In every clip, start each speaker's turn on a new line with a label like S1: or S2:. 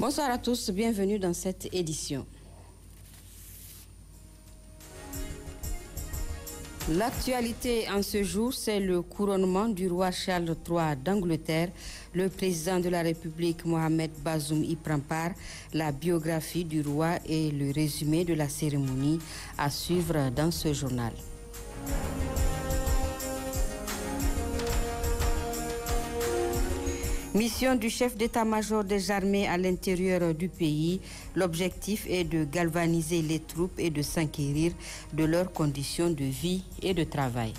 S1: Bonsoir à tous, bienvenue dans cette édition. L'actualité en ce jour, c'est le couronnement du roi Charles III d'Angleterre. Le président de la République, Mohamed Bazoum, y prend part. La biographie du roi et le résumé de la cérémonie à suivre dans ce journal. Mission du chef d'état-major des armées à l'intérieur du pays. L'objectif est de galvaniser les troupes et de s'inquérir de leurs conditions de vie et de travail.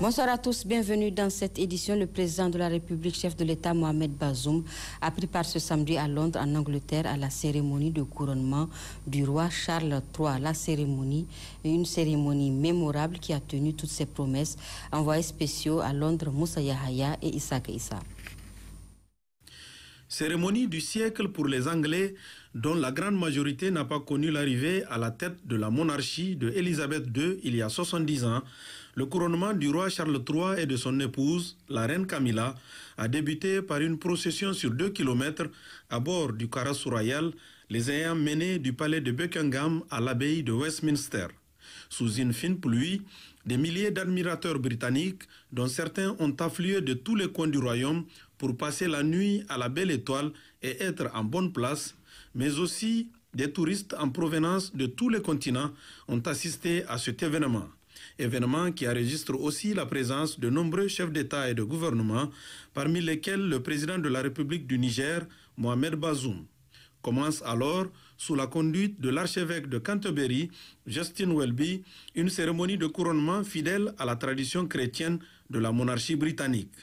S1: Bonsoir à tous, bienvenue dans cette édition. Le président de la République, chef de l'État Mohamed Bazoum, a pris part ce samedi à Londres, en Angleterre, à la cérémonie de couronnement du roi Charles III. La cérémonie, une cérémonie mémorable qui a tenu toutes ses promesses. Envoyés spéciaux à Londres, Moussa Yahaya et Issa Issa.
S2: Cérémonie du siècle pour les Anglais, dont la grande majorité n'a pas connu l'arrivée à la tête de la monarchie de Élisabeth II il y a 70 ans. Le couronnement du roi Charles III et de son épouse, la reine Camilla, a débuté par une procession sur deux kilomètres à bord du carrosse royal, les ayant menés du palais de Buckingham à l'abbaye de Westminster. Sous une fine pluie, des milliers d'admirateurs britanniques, dont certains ont afflué de tous les coins du royaume pour passer la nuit à la belle étoile et être en bonne place, mais aussi des touristes en provenance de tous les continents ont assisté à cet événement événement qui enregistre aussi la présence de nombreux chefs d'État et de gouvernement, parmi lesquels le président de la République du Niger, Mohamed Bazoum. Commence alors, sous la conduite de l'archevêque de Canterbury, Justin Welby, une cérémonie de couronnement fidèle à la tradition chrétienne de la monarchie britannique.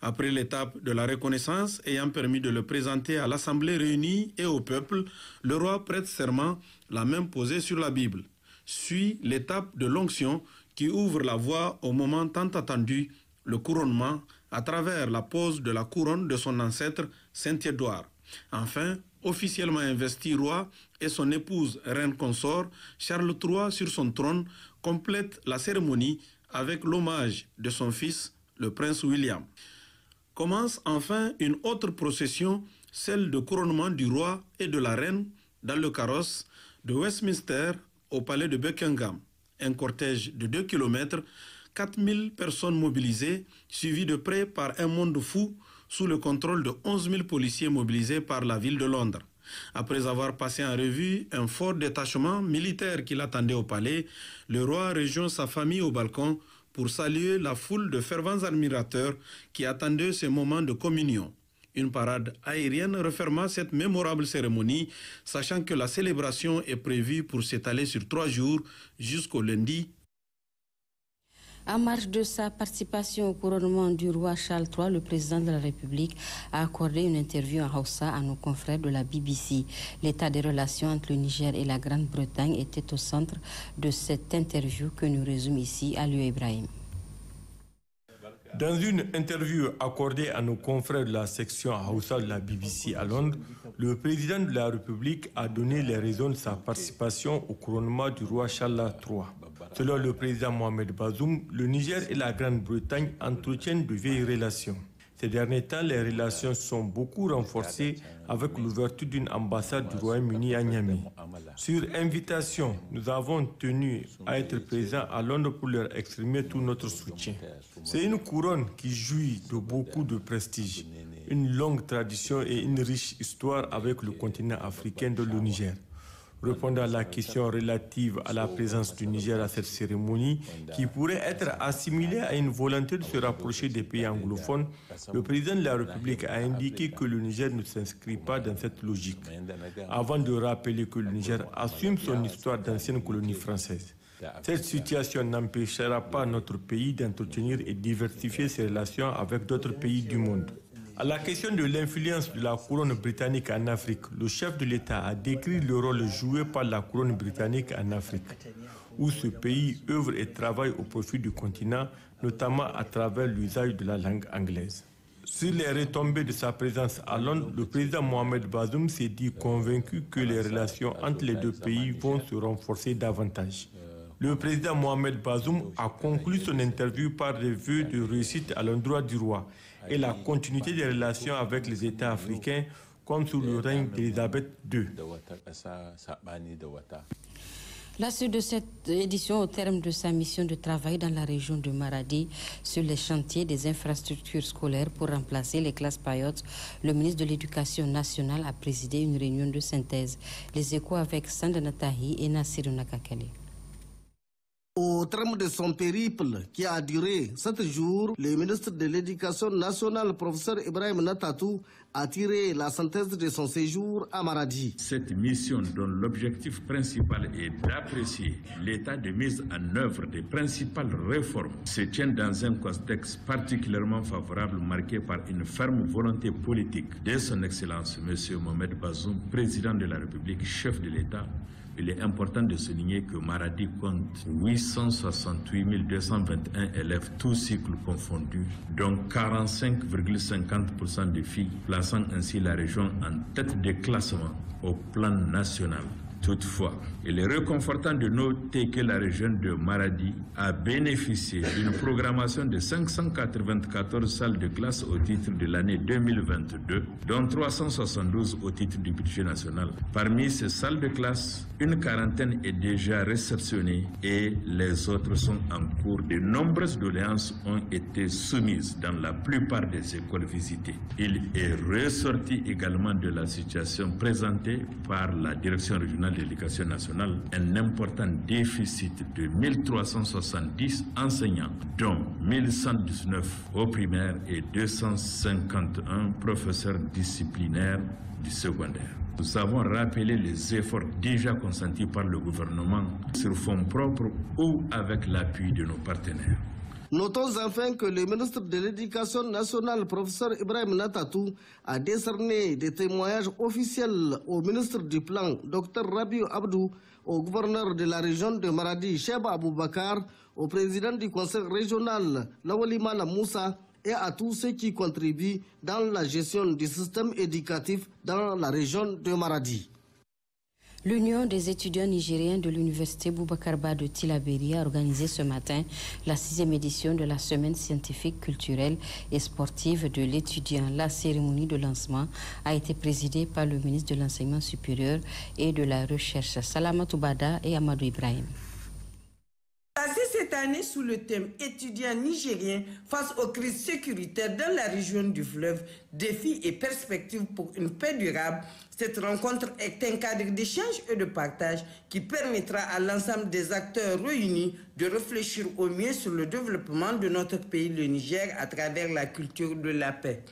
S2: Après l'étape de la reconnaissance ayant permis de le présenter à l'Assemblée réunie et au peuple, le roi prête serment, la main posée sur la Bible. Suit l'étape de l'onction, qui ouvre la voie au moment tant attendu, le couronnement, à travers la pose de la couronne de son ancêtre Saint-Édouard. Enfin, officiellement investi roi et son épouse reine consort, Charles III sur son trône complète la cérémonie avec l'hommage de son fils, le prince William. Commence enfin une autre procession, celle de couronnement du roi et de la reine, dans le carrosse de Westminster au palais de Buckingham un cortège de 2 km, 4000 personnes mobilisées, suivies de près par un monde fou sous le contrôle de 11 000 policiers mobilisés par la ville de Londres. Après avoir passé en revue un fort détachement militaire qui l'attendait au palais, le roi rejoint sa famille au balcon pour saluer la foule de fervents admirateurs qui attendaient ce moment de communion une parade aérienne refermant cette mémorable cérémonie, sachant que la célébration est prévue pour s'étaler sur trois jours jusqu'au lundi
S1: en marge de sa participation au couronnement du roi Charles III, le président de la République a accordé une interview à Hausa à nos confrères de la BBC. L'état des relations entre le Niger et la Grande-Bretagne était au centre de cette interview que nous résume ici à Ibrahim.
S3: Dans une interview accordée à nos confrères de la section Hausa de la BBC à Londres, le président de la République a donné les raisons de sa participation au couronnement du roi Charles III. Selon le président Mohamed Bazoum, le Niger et la Grande-Bretagne entretiennent de vieilles relations. Ces derniers temps, les relations sont beaucoup renforcées avec l'ouverture d'une ambassade du Royaume-Uni à Niamey. Sur invitation, nous avons tenu à être présents à Londres pour leur exprimer tout notre soutien. C'est une couronne qui jouit de beaucoup de prestige, une longue tradition et une riche histoire avec le continent africain de le Répondant à la question relative à la présence du Niger à cette cérémonie, qui pourrait être assimilée à une volonté de se rapprocher des pays anglophones, le président de la République a indiqué que le Niger ne s'inscrit pas dans cette logique, avant de rappeler que le Niger assume son histoire d'ancienne colonie française. Cette situation n'empêchera pas notre pays d'entretenir et diversifier ses relations avec d'autres pays du monde. À la question de l'influence de la couronne britannique en Afrique, le chef de l'État a décrit le rôle joué par la couronne britannique en Afrique, où ce pays œuvre et travaille au profit du continent, notamment à travers l'usage de la langue anglaise. Sur les retombées de sa présence à Londres, le président Mohamed Bazoum s'est dit convaincu que les relations entre les deux pays vont se renforcer davantage. Le président Mohamed Bazoum a conclu son interview par des vœux de réussite à l'endroit du roi et la continuité des relations avec les États africains, comme sous le règne d'Elisabeth II.
S1: La suite de cette édition, au terme de sa mission de travail dans la région de Maradi sur les chantiers des infrastructures scolaires pour remplacer les classes payotes, le ministre de l'Éducation nationale a présidé une réunion de synthèse. Les échos avec Sandra Natahi et Nassir Nakakale.
S4: Au terme de son périple qui a duré sept jours, le ministre de l'Éducation nationale, professeur Ibrahim Natatou, a tiré la synthèse de son séjour à Maradi. Cette mission dont
S5: l'objectif principal est d'apprécier l'état de mise en œuvre des principales réformes se tient dans un contexte particulièrement favorable marqué par une ferme volonté politique de son Excellence M. Mohamed Bazoum, président de la République, chef de l'État, il est important de souligner que Maradi compte 868 221 élèves, tous cycles confondus, dont 45,50% de filles, plaçant ainsi la région en tête de classement au plan national. Toutefois, il est réconfortant de noter que la région de Maradi a bénéficié d'une programmation de 594 salles de classe au titre de l'année 2022, dont 372 au titre du budget national. Parmi ces salles de classe, une quarantaine est déjà réceptionnée et les autres sont en cours. De nombreuses doléances ont été soumises dans la plupart des écoles visitées. Il est ressorti également de la situation présentée par la direction régionale l'éducation nationale un important déficit de 1370 enseignants, dont 1119 au primaire et 251 professeurs disciplinaires du secondaire. Nous avons rappelé les efforts déjà consentis par le gouvernement sur fonds propres ou avec l'appui de nos partenaires.
S4: Notons enfin que le ministre de l'Éducation nationale, professeur Ibrahim Natatou, a décerné des témoignages officiels au ministre du Plan, docteur Rabiou Abdou, au gouverneur de la région de Maradi, Cheba Aboubakar, au président du conseil régional, Lawalimana Moussa, et à tous ceux qui contribuent dans la gestion du système éducatif dans la région de Maradi.
S1: L'Union des étudiants nigériens de l'Université Boubacarba de Tilaberi a organisé ce matin la sixième édition de la Semaine scientifique, culturelle et sportive de l'étudiant. La cérémonie de lancement a été présidée par le ministre de l'Enseignement supérieur et de la Recherche, Salama Toubada et Amadou Ibrahim
S6: cette année sous le thème Étudiants nigériens face aux crises sécuritaires dans la région du fleuve, défis et perspectives pour une paix durable. Cette rencontre est un cadre d'échange et de partage qui permettra à l'ensemble des acteurs réunis de réfléchir au mieux sur le développement de notre pays, le Niger, à travers la culture de la paix.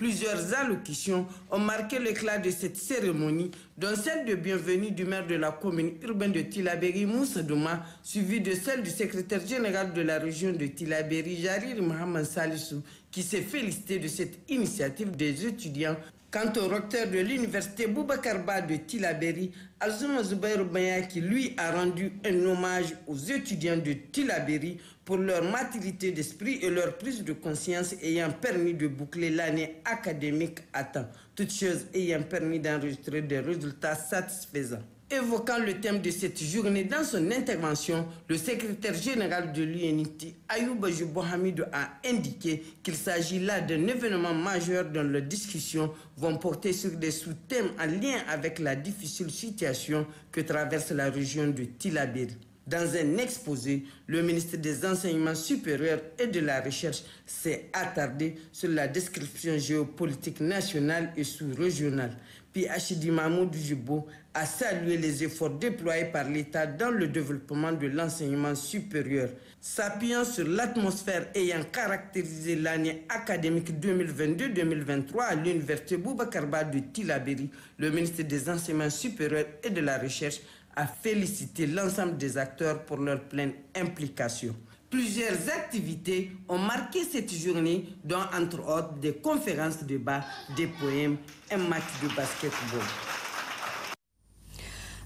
S6: Plusieurs allocutions ont marqué l'éclat de cette cérémonie, dont celle de bienvenue du maire de la commune urbaine de Tilaberi, Moussa Douma, suivie de celle du secrétaire général de la région de Tilaberi, Jarir Mohamed Salissou, qui s'est félicité de cette initiative des étudiants Quant au recteur de l'université Boubacarba de Tilaberi, Azuma Zubair qui lui a rendu un hommage aux étudiants de Tilaberi pour leur maturité d'esprit et leur prise de conscience ayant permis de boucler l'année académique à temps, toutes choses ayant permis d'enregistrer des résultats satisfaisants. Évoquant le thème de cette journée dans son intervention, le secrétaire général de l'UNIT, Ayoub Hamidou, a indiqué qu'il s'agit là d'un événement majeur dont les discussions vont porter sur des sous-thèmes en lien avec la difficile situation que traverse la région de Tilabir. Dans un exposé, le ministre des Enseignements supérieurs et de la Recherche s'est attardé sur la description géopolitique nationale et sous-régionale, PHD Mahmoud Jibbo, a salué les efforts déployés par l'État dans le développement de l'enseignement supérieur, s'appuyant sur l'atmosphère ayant caractérisé l'année académique 2022-2023 à l'Université Boubacarba de Tilaberi. Le ministre des Enseignements supérieurs et de la Recherche a félicité l'ensemble des acteurs pour leur pleine implication. Plusieurs activités ont marqué cette journée, dont entre autres des conférences, de débats, des poèmes, un match de basket-ball.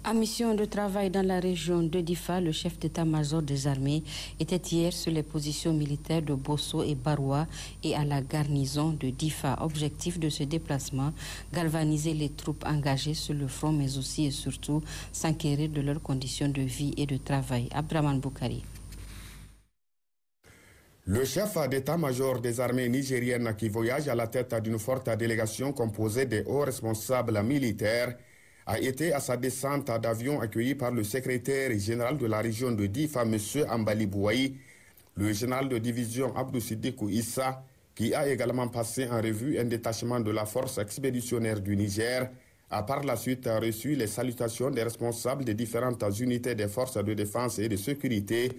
S1: En mission de travail dans la région de Difa, le chef d'état-major des armées était hier sur les positions militaires de Bosso et Baroua et à la garnison de Difa. Objectif de ce déplacement, galvaniser les troupes engagées sur le front, mais aussi et surtout s'inquiéter de leurs conditions de vie et de travail. Abdraman Boukari.
S7: Le chef d'état-major des armées nigériennes qui voyage à la tête d'une forte délégation composée des hauts responsables militaires a été à sa descente d'avion accueilli par le secrétaire général de la région de Difa, M. Ambali Bouaï, le général de division Abdou Siddikou Issa, qui a également passé en revue un détachement de la force expéditionnaire du Niger, a par la suite reçu les salutations des responsables des différentes unités des forces de défense et de sécurité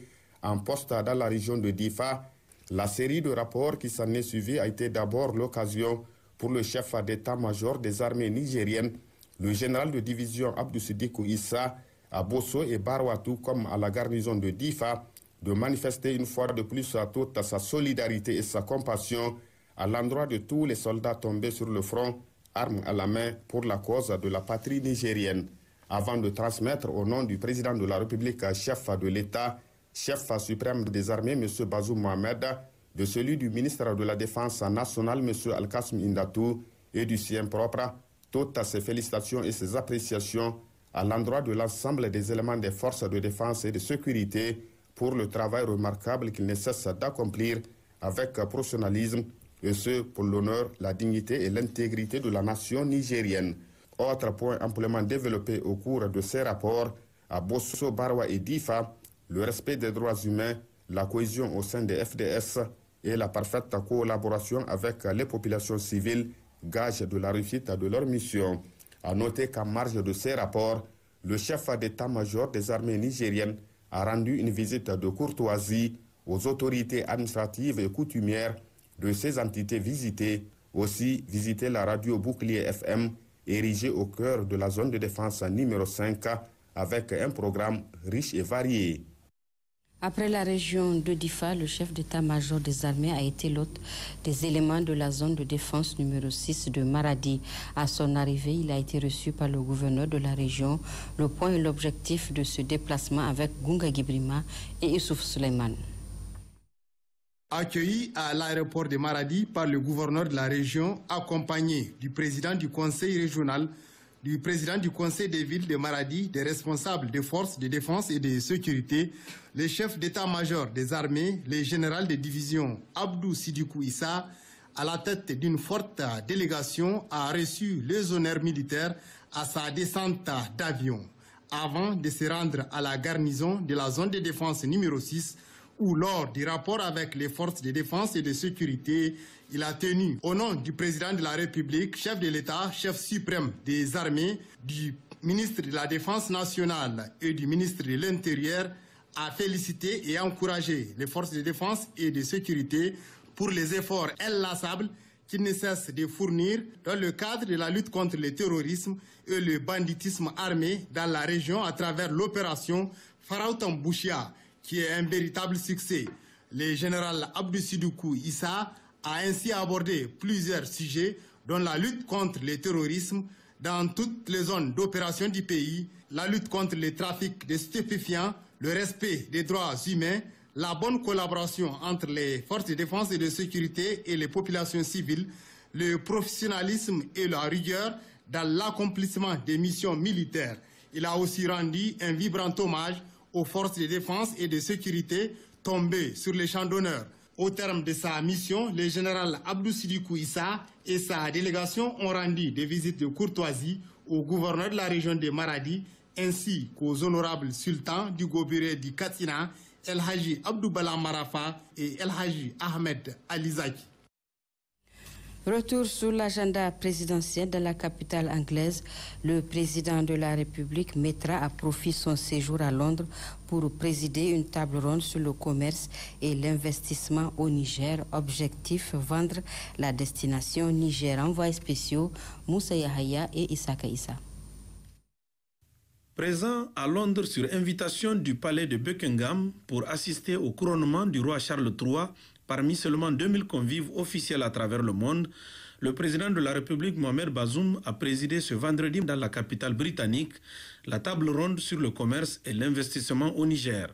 S7: en poste dans la région de Difa, la série de rapports qui s'en est suivie a été d'abord l'occasion pour le chef d'état-major des armées nigériennes, le général de division Abdou Issa, à Bosso et Barwatou comme à la garnison de Difa, de manifester une fois de plus à toute sa solidarité et sa compassion à l'endroit de tous les soldats tombés sur le front, armes à la main, pour la cause de la patrie nigérienne, avant de transmettre au nom du président de la République, chef de l'État, chef suprême des armées, M. Bazou Mohamed, de celui du ministre de la Défense nationale, M. Al-Qasim Indatou, et du sien propre, toutes ses félicitations et ses appréciations à l'endroit de l'ensemble des éléments des forces de défense et de sécurité pour le travail remarquable qu'ils ne d'accomplir avec professionnalisme, et ce pour l'honneur, la dignité et l'intégrité de la nation nigérienne. Autre point amplement développé au cours de ces rapports, à Bosso, Barwa et Difa, le respect des droits humains, la cohésion au sein des FDS et la parfaite collaboration avec les populations civiles, gagent de la réussite de leur mission. A noter qu'en marge de ces rapports, le chef d'état-major des armées nigériennes a rendu une visite de courtoisie aux autorités administratives et coutumières de ces entités visitées, aussi visiter la radio bouclier FM érigée au cœur de la zone de défense numéro 5 avec un programme riche et varié.
S1: Après la région de Difa, le chef d'état-major des armées a été l'hôte des éléments de la zone de défense numéro 6 de Maradi. À son arrivée, il a été reçu par le gouverneur de la région. Le point et l'objectif de ce déplacement avec Gunga Gibrima et Youssouf Suleiman.
S8: Accueilli à l'aéroport de Maradi par le gouverneur de la région, accompagné du président du conseil régional, du président du Conseil des villes de Maradi, des responsables des forces de défense et de sécurité, le chef d'état-major des armées, le général de division Abdou Sidikou Issa, à la tête d'une forte délégation, a reçu les honneurs militaires à sa descente d'avion avant de se rendre à la garnison de la zone de défense numéro 6 où lors du rapport avec les forces de défense et de sécurité, il a tenu au nom du président de la République, chef de l'État, chef suprême des armées, du ministre de la Défense nationale et du ministre de l'Intérieur à féliciter et encourager les forces de défense et de sécurité pour les efforts inlassables qu'ils ne cessent de fournir dans le cadre de la lutte contre le terrorisme et le banditisme armé dans la région à travers l'opération Bouchia » qui est un véritable succès. Le général Abdou Sidoukou Issa a ainsi abordé plusieurs sujets, dont la lutte contre le terrorisme dans toutes les zones d'opération du pays, la lutte contre le trafic de stupéfiants, le respect des droits humains, la bonne collaboration entre les forces de défense et de sécurité et les populations civiles, le professionnalisme et la rigueur dans l'accomplissement des missions militaires. Il a aussi rendu un vibrant hommage aux forces de défense et de sécurité tombées sur les champs d'honneur. Au terme de sa mission, le général Abdou Sidi Issa et sa délégation ont rendu des visites de courtoisie au gouverneur de la région de Maradi ainsi qu'aux honorables sultans du Gobiré du Katina, El Haji Abdoubala Marafa et El Haji Ahmed Alizaki.
S1: Retour sur l'agenda présidentiel de la capitale anglaise. Le président de la République mettra à profit son séjour à Londres pour présider une table ronde sur le commerce et l'investissement au Niger. Objectif vendre la destination Niger. Envoyés spéciaux Moussa Yahaya et Isaka Issa.
S2: Présent à Londres sur invitation du palais de Buckingham pour assister au couronnement du roi Charles III Parmi seulement 2000 convives officiels à travers le monde, le président de la République Mohamed Bazoum a présidé ce vendredi dans la capitale britannique la table ronde sur le commerce et l'investissement au Niger.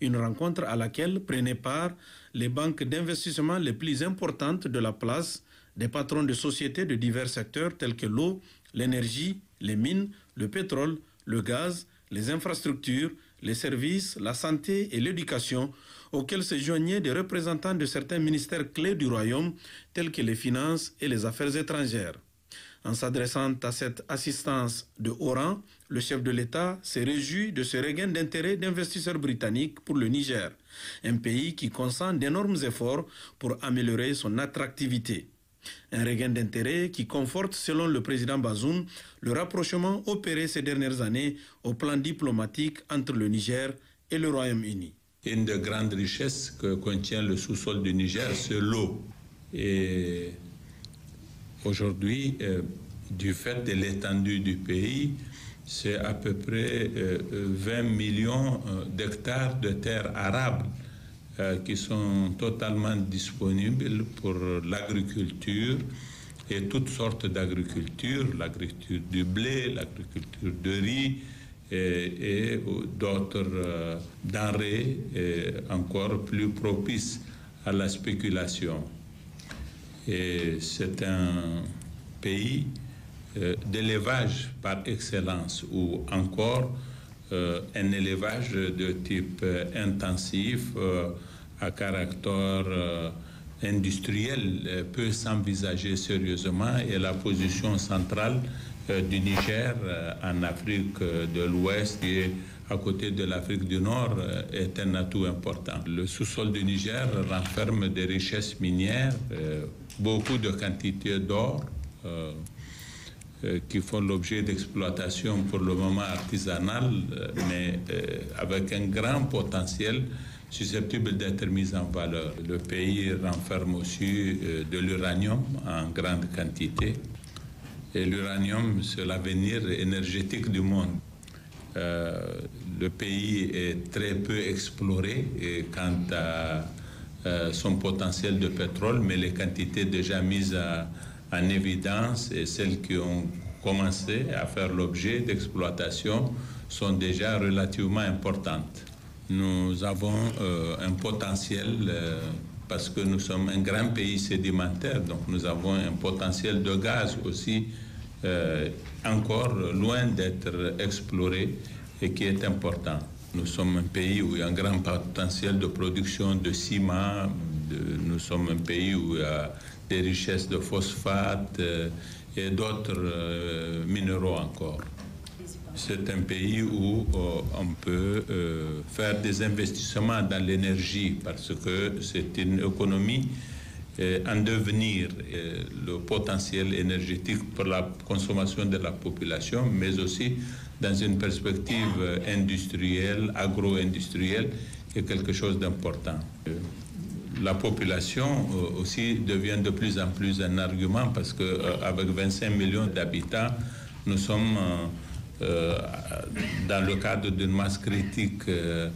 S2: Une rencontre à laquelle prenaient part les banques d'investissement les plus importantes de la place, des patrons de sociétés de divers secteurs tels que l'eau, l'énergie, les mines, le pétrole, le gaz, les infrastructures, les services, la santé et l'éducation, Auxquels se joignaient des représentants de certains ministères clés du royaume, tels que les finances et les affaires étrangères. En s'adressant à cette assistance de haut rang, le chef de l'État s'est réjoui de ce regain d'intérêt d'investisseurs britanniques pour le Niger, un pays qui consent d'énormes efforts pour améliorer son attractivité. Un regain d'intérêt qui conforte, selon le président Bazoum, le rapprochement opéré ces dernières années au plan
S9: diplomatique entre le Niger et le Royaume-Uni. Une des grandes richesses que contient le sous-sol du Niger, c'est l'eau. Et aujourd'hui, euh, du fait de l'étendue du pays, c'est à peu près 20 euh, euh, millions d'hectares de terres arables qui sont totalement disponibles pour l'agriculture et toutes sortes d'agriculture, l'agriculture du blé, l'agriculture de riz, et, d'autres euh, denrées euh, encore plus propices à la spéculation. c'est un pays euh, d'élevage par excellence ou encore un élevage de type intensif à caractère industriel peut s'envisager sérieusement et la position centrale euh, du Niger euh, en Afrique euh, de l'Ouest et à côté de l'Afrique du Nord est un atout important. Le sous-sol du Niger renferme des richesses minières, beaucoup de quantités d'or qui font l'objet d'exploitation pour le moment artisanale, mais avec un grand potentiel susceptible d'être mis en valeur. Le pays renferme aussi de l'uranium en grande quantité. Et l'uranium, c'est l'avenir énergétique du monde. Euh, le pays est très peu exploré et quant à euh, son potentiel de pétrole, mais les quantités déjà mises en évidence et celles qui ont commencé à faire l'objet d'exploitation sont déjà relativement importantes. Nous avons euh, un potentiel parce que nous sommes un grand pays sédimentaire, donc nous avons un potentiel de gaz aussi euh, encore loin d'être exploré et qui est important. Nous sommes un pays où il y a un grand potentiel de production de ciment, nous sommes un pays où il y a des richesses de phosphate euh, et d'autres euh, minéraux encore c'est un pays où euh, on peut euh, faire des investissements dans l'énergie parce que c'est une économie euh, en devenir. le potentiel énergétique pour la consommation de la population, mais aussi dans une perspective industrielle, agro-industrielle, est quelque chose d'important. La population aussi devient de plus en plus un argument parce que avec 25 millions d'habitants, nous sommes euh, dans le cadre d'une masse critique euh,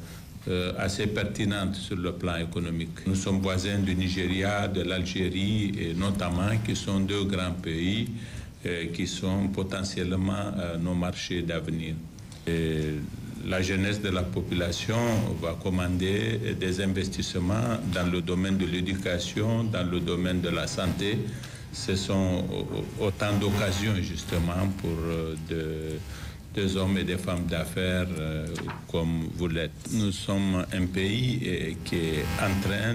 S9: euh, assez pertinente sur le plan économique. Nous sommes voisins du Nigeria, de l'Algérie, et notamment, qui sont deux grands pays qui sont potentiellement nos marchés d'avenir. La jeunesse de la population va commander des investissements dans le domaine de l'éducation, dans le domaine de la santé. Ce sont autant d'occasions justement pour de des hommes et des femmes d'affaires euh, comme vous l'êtes. Nous sommes un pays euh, qui est en train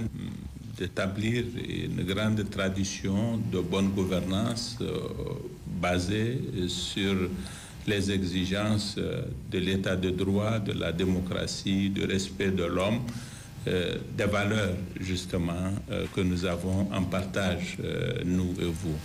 S9: d'établir une grande tradition de bonne gouvernance euh, basée sur les exigences de l'état de droit, de la démocratie, du respect de l'homme, des valeurs justement que nous avons en partage, nous et vous.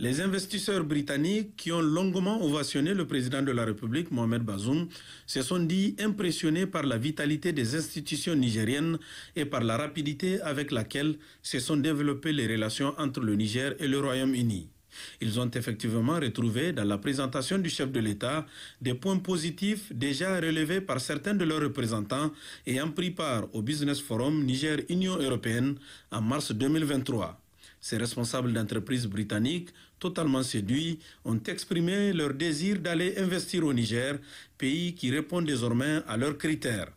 S9: Les
S2: investisseurs britanniques qui ont longuement ovationné le président de la République, Mohamed Bazoum, se sont dit impressionnés par la vitalité des institutions nigériennes et par la rapidité avec laquelle se sont développées les relations entre le Niger et le Royaume-Uni. Ils ont effectivement retrouvé dans la présentation du chef de l'État des points positifs déjà relevés par certains de leurs représentants ayant pris part au Business Forum Niger-Union européenne en mars 2023. Ces responsables d'entreprises britanniques, totalement séduits, ont exprimé leur désir d'aller investir au Niger, pays qui répond désormais à leurs critères.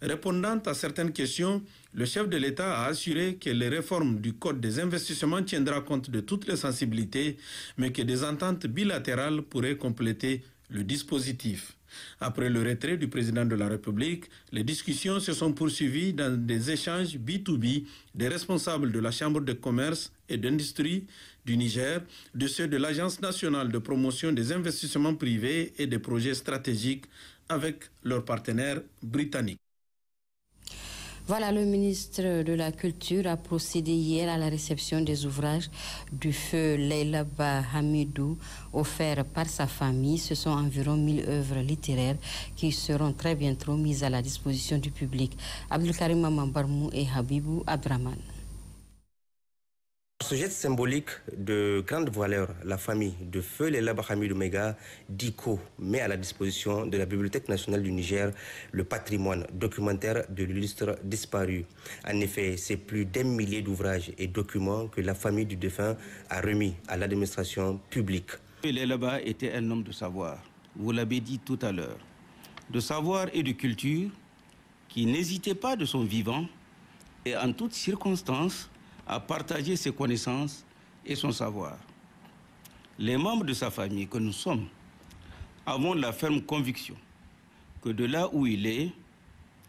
S2: Répondant à certaines questions, le chef de l'État a assuré que les réformes du Code des investissements tiendra compte de toutes les sensibilités, mais que des ententes bilatérales pourraient compléter le dispositif. Après le retrait du président de la République, les discussions se sont poursuivies dans des échanges B2B des responsables de la Chambre de commerce et d'industrie du Niger, de ceux de l'Agence nationale de promotion des investissements privés et des projets stratégiques avec leurs partenaires britanniques.
S1: Voilà, le ministre de la Culture a procédé hier à la réception des ouvrages du feu Leila Bahamidou, offerts par sa famille. Ce sont environ 1000 œuvres littéraires qui seront très bientôt mises à la disposition du public. Abdelkarim et Habibou Abraman.
S10: Ce geste symbolique de grande valeur, la famille de feu Lelaba Bahamid Omega Diko met à la disposition de la Bibliothèque nationale du Niger le patrimoine documentaire de l'illustre disparu. En effet, c'est plus d'un millier d'ouvrages et documents que la famille du défunt a remis à l'administration publique. l'Elaba était un homme de savoir, vous l'avez dit tout à l'heure, de savoir et de culture qui n'hésitait pas de son vivant et en toutes
S2: circonstances à partager ses connaissances et son savoir. Les membres de sa famille que nous sommes avons la ferme conviction
S10: que de là où il est,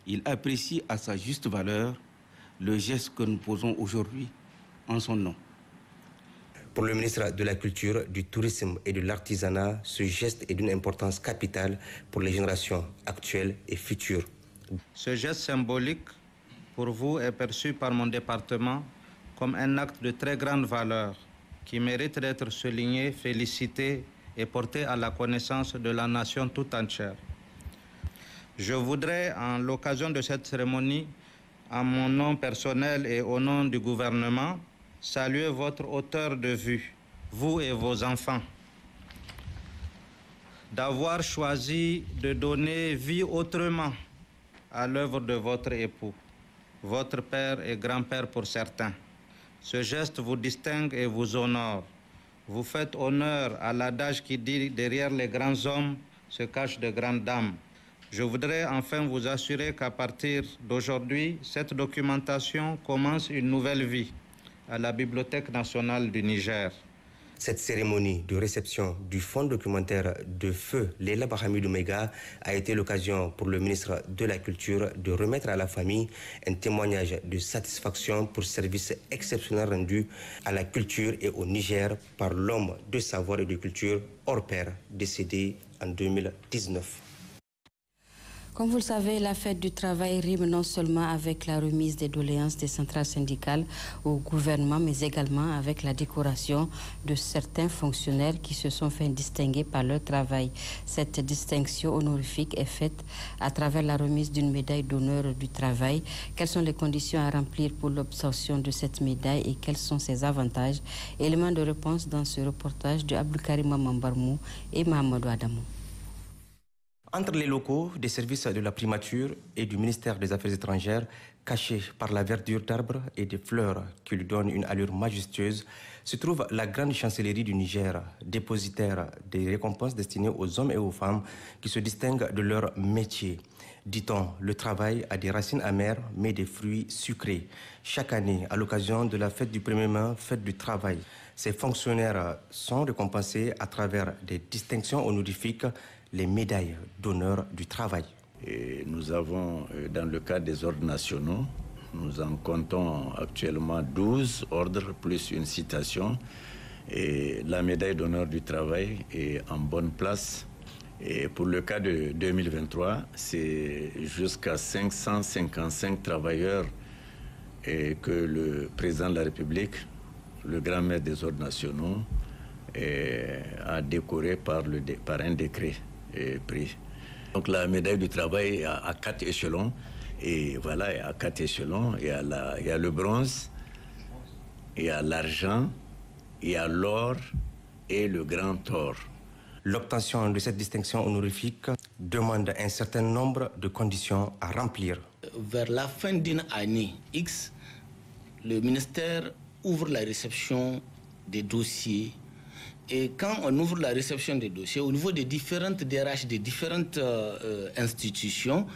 S10: il apprécie à sa juste valeur le geste que nous posons aujourd'hui en son nom. Pour le ministre de la Culture, du Tourisme et de l'Artisanat, ce geste est d'une importance capitale pour les générations actuelles et futures. Ce geste symbolique pour vous est perçu par mon département comme un acte de très grande valeur qui mérite d'être souligné, félicité et porté à la connaissance de la nation tout entière. Je voudrais, en l'occasion de cette cérémonie, en mon nom personnel et au nom du gouvernement, saluer votre hauteur de vue, vous et vos enfants, d'avoir choisi de donner vie autrement à l'œuvre de votre époux, votre père et grand-père pour certains. Ce geste vous distingue et vous honore. Vous faites honneur à l'adage qui dit derrière les grands hommes se cachent de grandes dames. Je voudrais enfin vous assurer qu'à partir d'aujourd'hui, cette documentation commence une nouvelle vie à la Bibliothèque nationale du Niger. Cette cérémonie de réception du fonds documentaire de feu Léla Bahami Mega a été l'occasion pour le ministre de la Culture de remettre à la famille un témoignage de satisfaction pour service exceptionnel rendu à la culture et au Niger par l'homme de savoir et de culture hors pair décédé en 2019.
S1: Comme vous le savez, la fête du travail rime non seulement avec la remise des doléances des centrales syndicales au gouvernement, mais également avec la décoration de certains fonctionnaires qui se sont fait distinguer par leur travail. Cette distinction honorifique est faite à travers la remise d'une médaille d'honneur du travail. Quelles sont les conditions à remplir pour l'obtention de cette médaille et quels sont ses avantages Éléments de réponse dans ce reportage de Karim Mambarmou et Mahamadou Adamou.
S10: Entre les locaux des services de la primature et du ministère des Affaires étrangères, cachés par la verdure d'arbres et des fleurs qui lui donnent une allure majestueuse, se trouve la grande chancellerie du Niger, dépositaire des récompenses destinées aux hommes et aux femmes qui se distinguent de leur métier. Dit-on, le travail a des racines amères, mais des fruits sucrés. Chaque année, à l'occasion de la fête du premier er mai, fête du travail, ces fonctionnaires sont récompensés à travers des distinctions honorifiques les médailles d'honneur du travail. nous avons, euh, dans le cas des ordres nationaux, nous en comptons actuellement 12 ordres plus une citation. Et la médaille d'honneur du travail est en bonne place. Et pour le cas de 2023, c'est jusqu'à 555 travailleurs que le président de la République, le grand maire des ordres nationaux, a décoré par un décret. Donc la médaille du travail à, quatre échelons. Et voilà, à quatre échelons. Il y il y a le bronze, il y a l'argent, il y a l'or et le grand or. L'obtention de cette distinction honorifique demande un certain nombre de conditions à remplir. Vers la fin d'une année X,
S11: le ministère ouvre la réception des dossiers et quand on ouvre la réception des dossiers, au niveau des différentes DRH, des différentes euh, euh, institutions,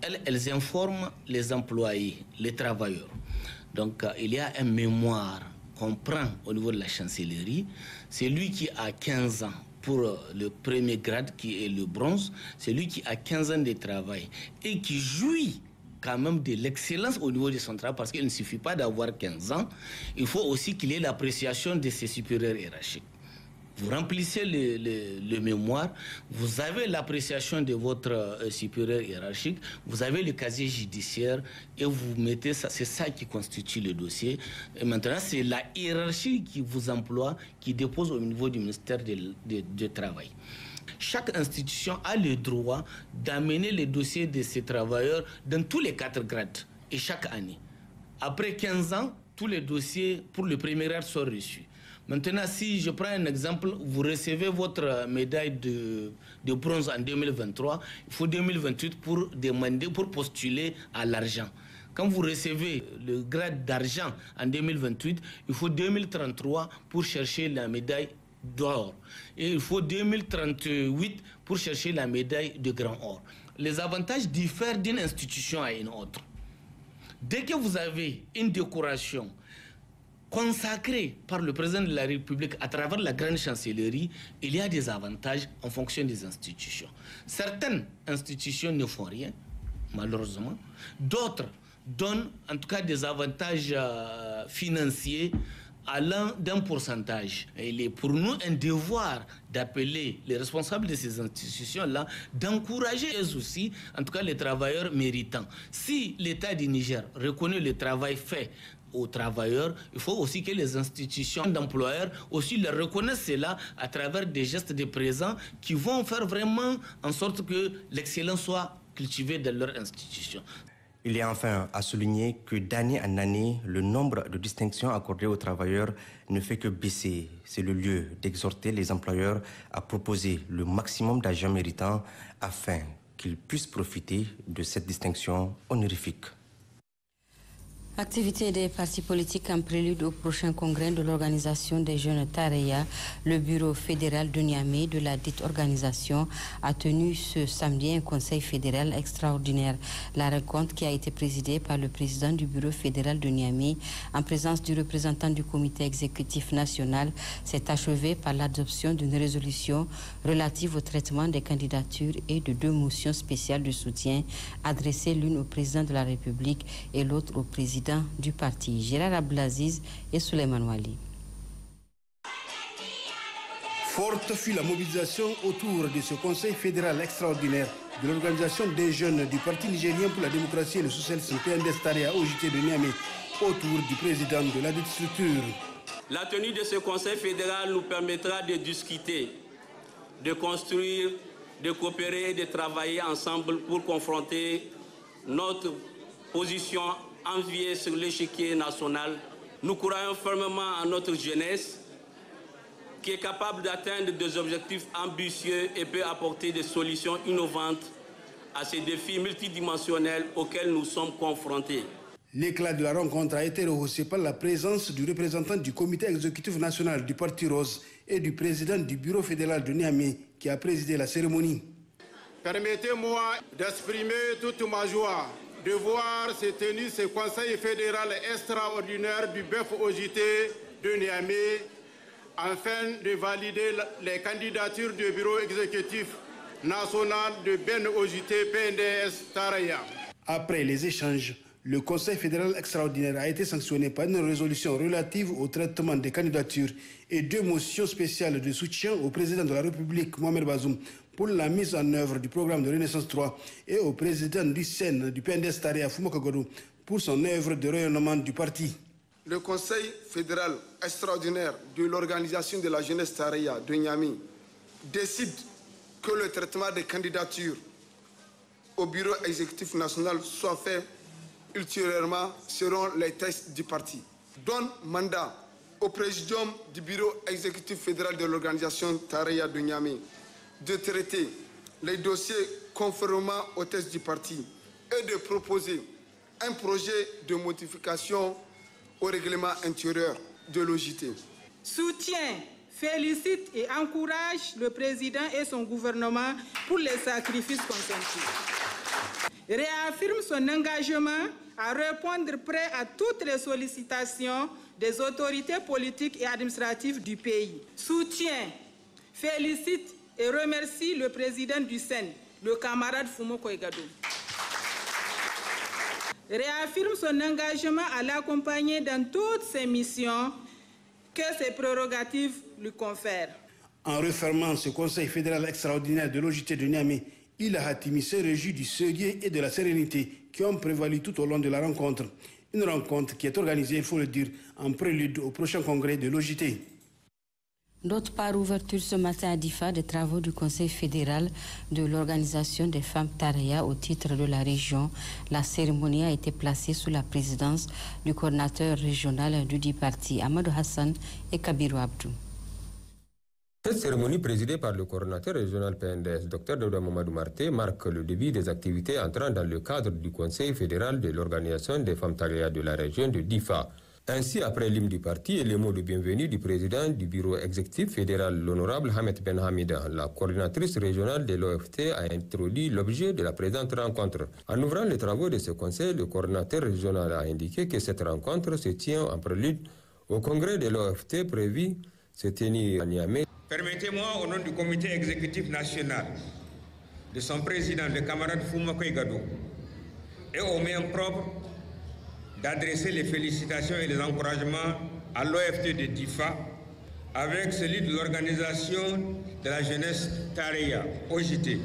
S11: elles, elles, informent les employés, les travailleurs. Donc euh, il y a un mémoire qu'on prend au niveau de la chancellerie. C'est lui qui a 15 ans pour le premier grade qui est le bronze, c'est lui qui a 15 ans de travail et qui jouit quand même de l'excellence au niveau du son parce qu'il ne suffit pas d'avoir 15 ans, il faut aussi qu'il ait l'appréciation de ses supérieurs hiérarchiques vous remplissez le, mémoire, vous avez l'appréciation de votre euh, supérieur hiérarchique, vous avez le casier judiciaire et vous mettez ça, c'est ça qui constitue le dossier. Et maintenant, c'est la hiérarchie qui vous emploie, qui dépose au niveau du ministère du de, Travail chaque institution a le droit d'amener les dossiers de ses travailleurs dans tous les quatre grades et chaque année. Après 15 ans, tous les dossiers pour le premier grade sont reçus. Maintenant, si je prends un exemple, vous recevez votre médaille de, bronze en 2023, il faut 2028 pour demander, pour postuler à l'argent. Quand vous recevez le grade d'argent en 2028, il faut 2033 pour chercher la médaille d'or. Et il faut 2038 pour chercher la médaille de grand or. Les avantages diffèrent d'une institution à une autre. Dès que vous avez une décoration, consacré par le président de la République à travers la grande chancellerie, il y a des avantages en fonction des institutions. Certaines institutions ne font rien, malheureusement. D'autres donnent en tout cas des avantages euh, financiers allant d'un pourcentage. il est pour nous un devoir d'appeler les responsables de ces institutions-là, d'encourager eux aussi, en tout cas les travailleurs méritants. Si l'État du Niger reconnaît le travail fait aux travailleurs, il faut aussi que les institutions d'employeurs aussi le reconnaissent cela à travers des gestes de présents qui vont faire vraiment en sorte que l'excellence soit cultivée dans leur institution.
S10: Il est enfin à souligner que d'année en année, le nombre de distinctions accordées aux travailleurs ne fait que baisser. C'est le lieu d'exhorter les employeurs à proposer le maximum d'agents méritants afin qu'ils puissent profiter de cette distinction honorifique.
S1: Activité des partis politiques en prélude au prochain congrès de l'organisation des jeunes Tareya. Le bureau fédéral de Niamey de la dite organisation a tenu ce samedi un conseil fédéral extraordinaire. La rencontre qui a été présidée par le président du bureau fédéral de Niamey en présence du représentant du comité exécutif national s'est achevée par l'adoption d'une résolution relative au traitement des candidatures et de deux motions spéciales de soutien adressées l'une au président de la République et l'autre au président du parti, Gérard Ablaziz et Souleymane Wali.
S12: Forte fut la mobilisation autour de ce Conseil fédéral extraordinaire de l'organisation des jeunes du Parti nigérien pour la démocratie et le socialisme à OJT de Niamey autour du président de la structure.
S5: La tenue de ce Conseil fédéral nous permettra de discuter, de construire, de coopérer et de travailler ensemble pour confronter notre position Envier sur l'échiquier national. Nous croyons fermement à notre jeunesse qui est capable d'atteindre des objectifs ambitieux et peut apporter des solutions innovantes à ces défis multidimensionnels auxquels nous sommes confrontés.
S12: L'éclat de la rencontre a été rehaussé par la présence du représentant du comité exécutif national du Parti Rose et du président du bureau fédéral de Niamey qui a présidé la cérémonie. Permettez-moi
S7: d'exprimer toute ma joie de voir se tenir ce Conseil fédéral extraordinaire du BEF-OJT de Niamey afin de valider les candidatures du bureau exécutif national de BEN-OJT PNDS Taraya.
S12: Après les échanges, le Conseil fédéral extraordinaire a été sanctionné par une résolution relative au traitement des candidatures et deux motions spéciales de soutien au président de la République, Mohamed Bazoum, pour la mise en œuvre du programme de Renaissance 3 et au président du Sénat du PNDS Taria Fumokogoro pour son œuvre de rayonnement du parti.
S7: Le Conseil fédéral extraordinaire de l'organisation de la jeunesse Taria de Niami décide que le traitement des candidatures au bureau exécutif national soit fait ultérieurement selon les tests du parti. Donne mandat au président du bureau exécutif fédéral de l'organisation Taria de Niamey de traiter les dossiers conformément aux tests du parti et de proposer un projet de modification au règlement intérieur de l'OJT.
S6: Soutien, félicite et encourage le président et son gouvernement pour les sacrifices consentis. Réaffirme son engagement à répondre prêt à toutes les sollicitations des autorités politiques et administratives du pays. Soutien, félicite et remercie le président du SEN, le camarade Fumo Koigado. Réaffirme son engagement à l'accompagner dans toutes ses missions que ses prérogatives lui confèrent.
S12: En refermant ce Conseil fédéral extraordinaire de l'OJT de Niamey, il a admis ses régime du sérieux et de la sérénité qui ont prévalu tout au long de la rencontre. Une rencontre qui est organisée, il faut le dire, en prélude au prochain congrès de l'OJT.
S1: D'autre part, ouverture ce matin à DIFA des travaux du Conseil fédéral de l'Organisation des femmes Taria au titre de la région. La cérémonie a été placée sous la présidence du coordinateur régional du dit parti, Amadou Hassan et Kabirou Abdou.
S13: Cette cérémonie présidée par le coordonnateur régional PNDS, Dr Deuda Mamadou Marté, marque le début des activités entrant dans le cadre du Conseil fédéral de l'Organisation des femmes Taria de la région de DIFA. Ainsi, après l'hymne du parti et les mots de bienvenue du président du bureau exécutif fédéral, l'honorable Hamed Ben Hamida, la coordinatrice régionale de l'OFT a introduit l'objet de la présente rencontre. En ouvrant les travaux de ce conseil, le coordinateur régional a indiqué que cette rencontre se tient en prélude au congrès de l'OFT prévu se tenir à Niamey.
S14: Permettez-moi, au nom du comité exécutif national, de son président, le camarade Fouma Gadou, et au même propre, d'adresser les félicitations et les encouragements à l'OFT de Tifa avec celui de l'organisation de la jeunesse TAREA, OJT,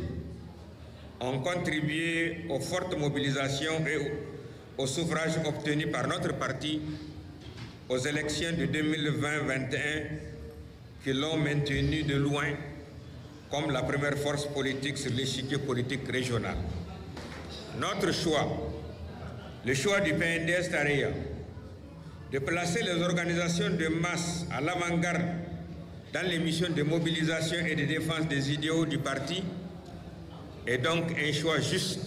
S14: ont contribué aux fortes mobilisations et aux suffrages obtenus par notre parti aux élections de 2020-2021 qui l'ont maintenu de loin comme la première force politique sur l'échiquier politique régional. Notre choix le choix du PNDS Tareya de placer les organisations de masse à l'avant-garde dans les missions de mobilisation et de défense des idéaux du parti est donc un choix juste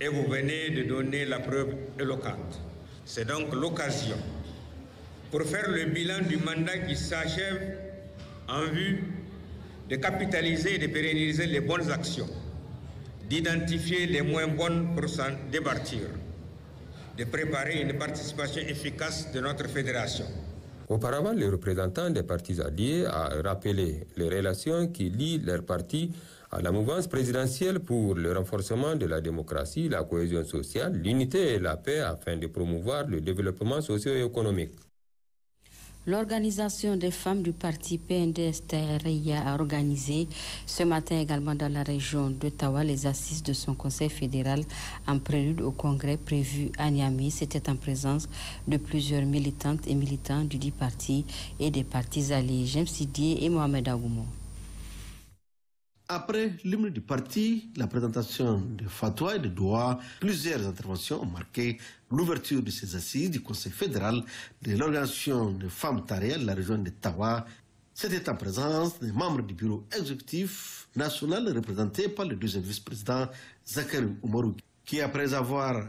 S14: et vous venez de donner la preuve éloquente. C'est donc l'occasion pour faire le bilan du mandat qui s'achève en vue de capitaliser et de pérenniser les bonnes actions, d'identifier les moins bonnes pour s'en départir de préparer une participation efficace de notre fédération.
S13: Auparavant, les représentants des partis alliés a rappelé les relations qui lient leurs partis à la mouvance présidentielle pour le renforcement de la démocratie, la cohésion sociale, l'unité et la paix afin de promouvoir le développement socio-économique.
S1: L'organisation des femmes du parti pnds a organisé ce matin également dans la région d'Ottawa les assises de son conseil fédéral en prélude au congrès prévu à Niamey. C'était en présence de plusieurs militantes et militants du dit parti et des partis alliés, James Sidier et Mohamed Agoumou.
S4: Après l'hymne du parti, la présentation de fatwa et de doigts, plusieurs interventions ont marqué l'ouverture de ces assises du Conseil fédéral de l'organisation des femmes tarielles de la région de Tawa. C'était en présence des membres du bureau exécutif national représenté par le deuxième vice-président Zachary Oumarou, qui après avoir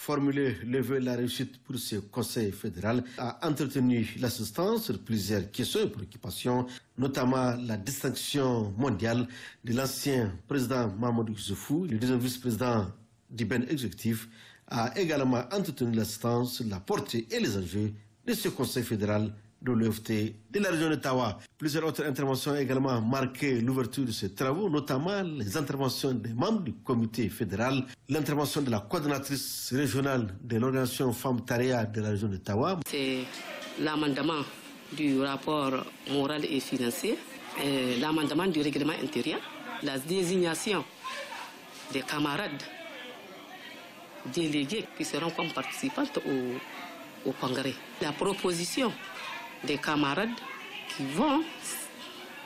S4: Formuler le vœu de la réussite pour ce conseil fédéral a entretenu l'assistance sur plusieurs questions et préoccupations, notamment la distinction mondiale de l'ancien président Mahmoud Youssoufou, le deuxième vice-président du Ben Exécutif, a également entretenu l'assistance sur la portée et les enjeux de ce conseil fédéral de l'OFT de la région d'Ottawa. Plusieurs autres interventions ont également marqué l'ouverture de ces travaux, notamment les interventions des membres du comité fédéral, l'intervention de la coordonnatrice régionale de l'organisation Femmes Taria de la région
S6: de d'Ottawa. C'est l'amendement du rapport moral et financier, l'amendement du règlement intérieur, la désignation des camarades délégués qui seront comme participantes au, au congrès, la proposition des camarades qui vont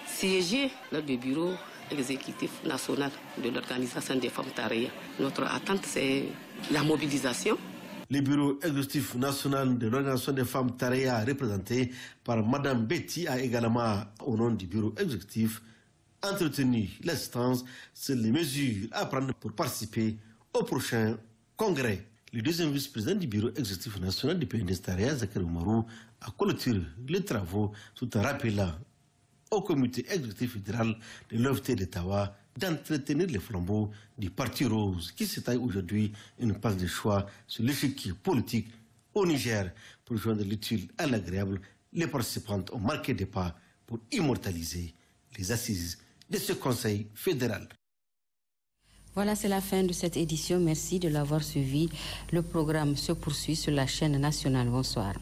S6: siéger dans le bureau exécutif national de l'organisation des femmes Tareya. Notre attente, c'est la mobilisation.
S4: Le bureau exécutif national de l'organisation des femmes Tareya, représenté par Madame Betty, a également, au nom du bureau exécutif, entretenu l'instance sur les mesures à prendre pour participer au prochain congrès le deuxième vice-président du bureau exécutif national du PNDSTARIA, Zachary Oumarou, a clôturé les travaux tout en rappelant au comité exécutif fédéral de l'OVT d'Ottawa d'entretenir les flambeaux du Parti Rose qui s'étaille aujourd'hui une passe de choix sur l'échiquier politique au Niger pour joindre l'utile à l'agréable. Les participantes ont marqué des pas pour immortaliser les assises de ce Conseil fédéral.
S1: Voilà, c'est la fin de cette édition. Merci de l'avoir suivi. Le programme se poursuit sur la chaîne nationale. Bonsoir.